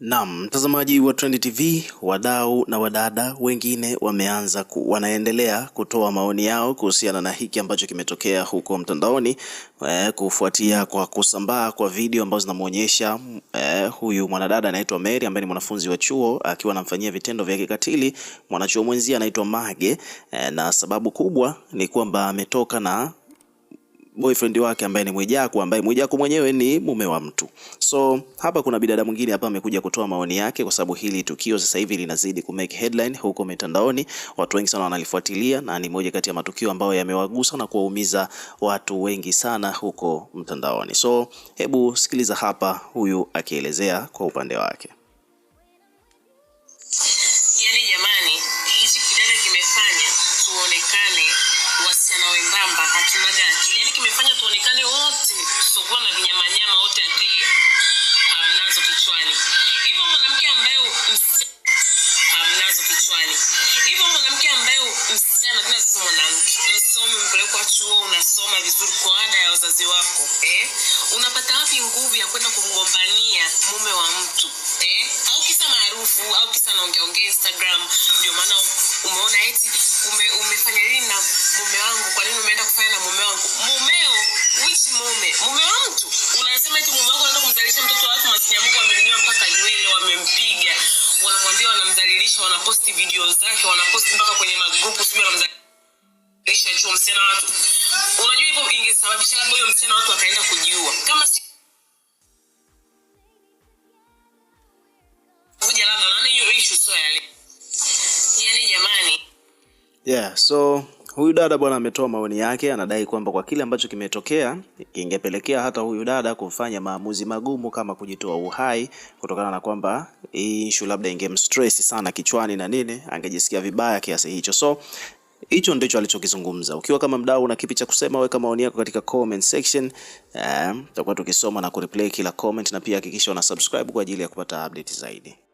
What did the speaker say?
Naam, mtazamaji wa Trend TV, wadau na wadada wengine wameanza ku, wanaendelea kutoa maoni yao kuhusiana na hiki ambacho kimetokea huko mtandaoni eh, kufuatia kwa kusambaa kwa video ambazo zinamuonyesha eh, huyu mwanadada anaitwa Mary ambaye ni mwanafunzi wa chuo akiwa anamfanyia vitendo vya kikatili mwanachuo mwenzie anaitwa Mage eh, na sababu kubwa ni kwamba ametoka na boyfriend wake ambaye ni Mwijaku, ambaye Mwijaku mwenyewe ni mume wa mtu. So hapa kuna bidada mwingine hapa amekuja kutoa maoni yake, kwa sababu hili tukio sasa hivi linazidi ku make headline huko mitandaoni. Watu wengi sana wanalifuatilia na ni moja kati ya matukio ambayo yamewagusa na kuwaumiza watu wengi sana huko mtandaoni. So hebu sikiliza hapa huyu akielezea kwa upande wake. imefanya tuonekane wote tusokuwa na vinyamanyama wote akili hamnazo kichwani. Hivyo mwanamke ambaye hamnazo kichwani, hivyo mwanamke ambaye msichana, tena sisi mwanamke msomi, mpelekwa chuo, unasoma vizuri kwa ada ya wazazi wako eh? unapata wapi nguvu ya kwenda kumgombania mume wa mtu eh? au kisa maarufu au kisa naongeaongea Instagram, ndio maana umeona eti ume, umefanya nini na mume wangu mume mume wa mtu unasema eti mume wako anaenda kumzalisha mtoto wa watu maskini mungu wamemnyoa mpaka nywele wamempiga wanamwambia wanamdhalilisha wanaposti video zake wanaposti mpaka kwenye magrupu sijui wanamdhalilisha chuo msichana watu unajua hivyo ingesababisha labda huyo msichana watu akaenda kujiua kama si kuja labda maana hiyo ishu sio yale yani jamani yeah so Huyu dada bwana ametoa maoni yake, anadai kwamba kwa kile ambacho kimetokea kingepelekea hata huyu dada kufanya maamuzi magumu kama kujitoa uhai, kutokana na kwamba hii issue labda ingemstress sana kichwani na nini, angejisikia vibaya kiasi hicho. So hicho ndicho alichokizungumza. Ukiwa kama mdau, una kipi cha kusema? Weka maoni yako katika comment section, ehm, tutakuwa um, tukisoma na kureplay kila comment, na pia hakikisha una subscribe kwa ajili ya kupata update zaidi.